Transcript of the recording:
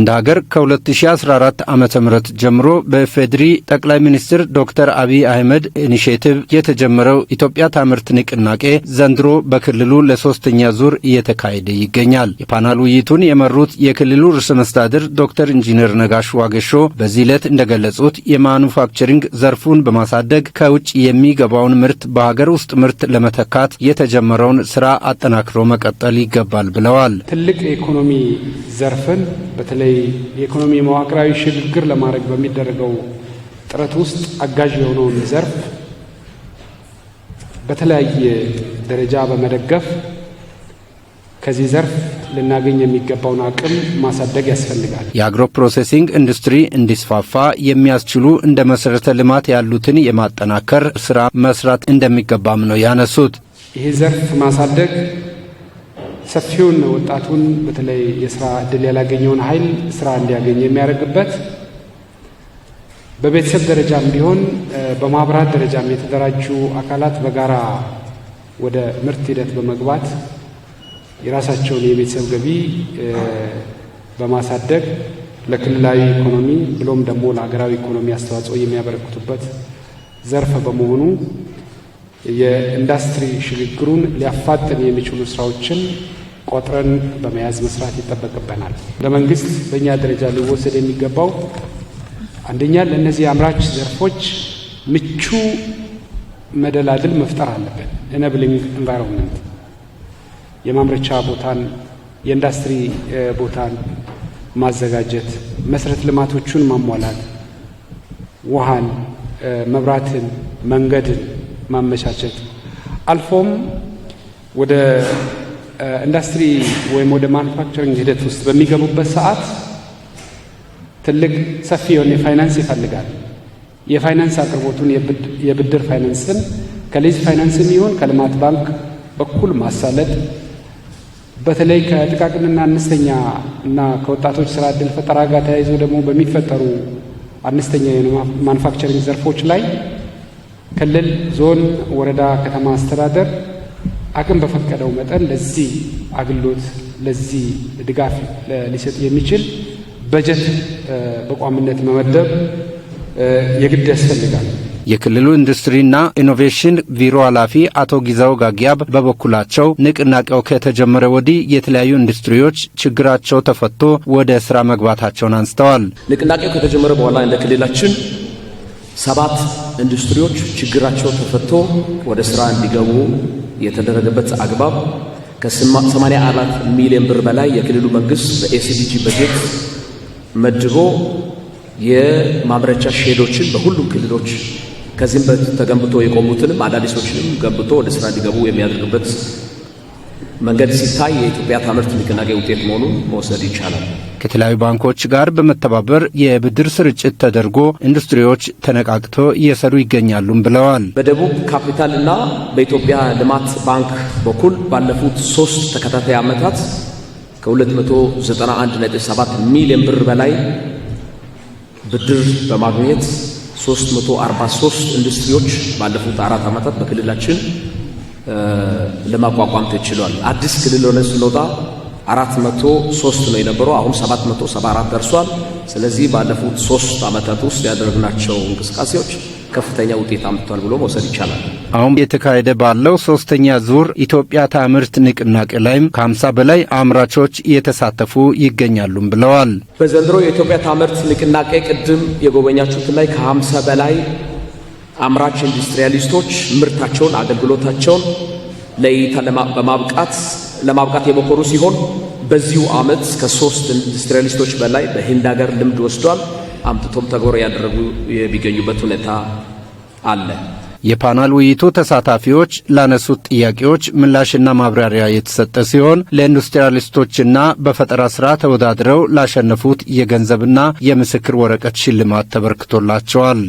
እንደ ሀገር ከ2014 ዓ ም ጀምሮ በፌድሪ ጠቅላይ ሚኒስትር ዶክተር አብይ አህመድ ኢኒሽቲቭ የተጀመረው ኢትዮጵያ ታምርት ንቅናቄ ዘንድሮ በክልሉ ለሶስተኛ ዙር እየተካሄደ ይገኛል። የፓናል ውይይቱን የመሩት የክልሉ ርዕሰ መስተዳድር ዶክተር ኢንጂነር ነጋሽ ዋገሾ በዚህ ዕለት እንደገለጹት የማኑፋክቸሪንግ ዘርፉን በማሳደግ ከውጭ የሚገባውን ምርት በሀገር ውስጥ ምርት ለመተካት የተጀመረውን ስራ አጠናክሮ መቀጠል ይገባል ብለዋል። ትልቅ የኢኮኖሚ ዘርፍን በተለይ በተለይ የኢኮኖሚ መዋቅራዊ ሽግግር ለማድረግ በሚደረገው ጥረት ውስጥ አጋዥ የሆነውን ዘርፍ በተለያየ ደረጃ በመደገፍ ከዚህ ዘርፍ ልናገኝ የሚገባውን አቅም ማሳደግ ያስፈልጋል። የአግሮ ፕሮሴሲንግ ኢንዱስትሪ እንዲስፋፋ የሚያስችሉ እንደ መሰረተ ልማት ያሉትን የማጠናከር ስራ መስራት እንደሚገባም ነው ያነሱት። ይህ ዘርፍ ማሳደግ ሰፊውን ወጣቱን በተለይ የስራ እድል ያላገኘውን ኃይል ስራ እንዲያገኝ የሚያደርግበት በቤተሰብ ደረጃም ቢሆን በማህበራት ደረጃም የተደራጁ አካላት በጋራ ወደ ምርት ሂደት በመግባት የራሳቸውን የቤተሰብ ገቢ በማሳደግ ለክልላዊ ኢኮኖሚ ብሎም ደግሞ ለሀገራዊ ኢኮኖሚ አስተዋጽኦ የሚያበረክቱበት ዘርፍ በመሆኑ የኢንዱስትሪ ሽግግሩን ሊያፋጥን የሚችሉ ስራዎችን ቆጥረን በመያዝ መስራት ይጠበቅበናል። ለመንግስት በእኛ ደረጃ ሊወሰድ የሚገባው አንደኛ ለእነዚህ አምራች ዘርፎች ምቹ መደላድል መፍጠር አለብን። ኢነብሊንግ ኤንቫይሮንመንት የማምረቻ ቦታን የኢንዱስትሪ ቦታን ማዘጋጀት፣ መሰረት ልማቶቹን ማሟላት፣ ውሃን፣ መብራትን፣ መንገድን ማመቻቸት አልፎም ወደ ኢንዱስትሪ eh, ወይም ወደ ማኑፋክቸሪንግ ሂደት ውስጥ በሚገቡበት ሰዓት ትልቅ ሰፊ የሆነ የፋይናንስ ይፈልጋል። የፋይናንስ አቅርቦቱን የብድር ፋይናንስን ከሊዝ ፋይናንስ የሚሆን ከልማት ባንክ በኩል ማሳለጥ በተለይ ከጥቃቅንና አነስተኛ እና ከወጣቶች ስራ እድል ፈጠራ ጋር ተያይዞ ደግሞ በሚፈጠሩ አነስተኛ ማኑፋክቸሪንግ ዘርፎች ላይ ክልል፣ ዞን፣ ወረዳ፣ ከተማ አስተዳደር አቅም በፈቀደው መጠን ለዚህ አግሎት ለዚህ ድጋፍ ሊሰጥ የሚችል በጀት በቋሚነት መመደብ የግድ ያስፈልጋል። የክልሉ ኢንዱስትሪና ኢኖቬሽን ቢሮ ኃላፊ አቶ ጊዛው ጋጊያብ በበኩላቸው ንቅናቄው ከተጀመረ ወዲህ የተለያዩ ኢንዱስትሪዎች ችግራቸው ተፈቶ ወደ ስራ መግባታቸውን አንስተዋል። ንቅናቄው ከተጀመረ በኋላ እንደ ክልላችን ሰባት ኢንዱስትሪዎች ችግራቸው ተፈቶ ወደ ስራ እንዲገቡ የተደረገበት አግባብ ከ84 ሚሊዮን ብር በላይ የክልሉ መንግስት በኤሲዲጂ በጀት መድቦ የማምረቻ ሼዶችን በሁሉም ክልሎች ከዚህም ተገንብቶ የቆሙትንም አዳዲሶችንም ገንብቶ ወደ ስራ እንዲገቡ የሚያደርግበት መንገድ ሲታይ የኢትዮጵያ ታምርት ንቅናቄ ውጤት መሆኑን መውሰድ ይቻላል። ከተለያዩ ባንኮች ጋር በመተባበር የብድር ስርጭት ተደርጎ ኢንዱስትሪዎች ተነቃቅተው እየሰሩ ይገኛሉም ብለዋል። በደቡብ ካፒታል እና በኢትዮጵያ ልማት ባንክ በኩል ባለፉት ሶስት ተከታታይ ዓመታት ከ291.7 ሚሊዮን ብር በላይ ብድር በማግኘት 343 ኢንዱስትሪዎች ባለፉት አራት ዓመታት በክልላችን ለማቋቋም ተችሏል። አዲስ ክልል ሆነ ስንወጣ 403 መቶ ሶስት ነው የነበረው አሁን 774 መቶ ሰባ ደርሷል። ስለዚህ ባለፉት ሶስት ዓመታት ውስጥ ያደረግናቸው እንቅስቃሴዎች ከፍተኛ ውጤት አምጥቷል ብሎ መውሰድ ይቻላል። አሁን የተካሄደ ባለው ሶስተኛ ዙር ኢትዮጵያ ታምርት ንቅናቄ ላይም ከ50 በላይ አምራቾች እየተሳተፉ ይገኛሉም ብለዋል። በዘንድሮ የኢትዮጵያ ታምርት ንቅናቄ ቅድም የጎበኛችሁት ላይ ከ50 በላይ አምራች ኢንዱስትሪያሊስቶች ምርታቸውን፣ አገልግሎታቸውን ለእይታ በማብቃት ለማብቃት የሞከሩ ሲሆን በዚሁ ዓመት ከሶስት ኢንዱስትሪያሊስቶች በላይ በህንድ ሀገር ልምድ ወስዷል አምጥቶም ተግባር ያደረጉ የሚገኙበት ሁኔታ አለ። የፓናል ውይይቱ ተሳታፊዎች ላነሱት ጥያቄዎች ምላሽና ማብራሪያ የተሰጠ ሲሆን ለኢንዱስትሪያሊስቶችና በፈጠራ ስራ ተወዳድረው ላሸነፉት የገንዘብና የምስክር ወረቀት ሽልማት ተበርክቶላቸዋል።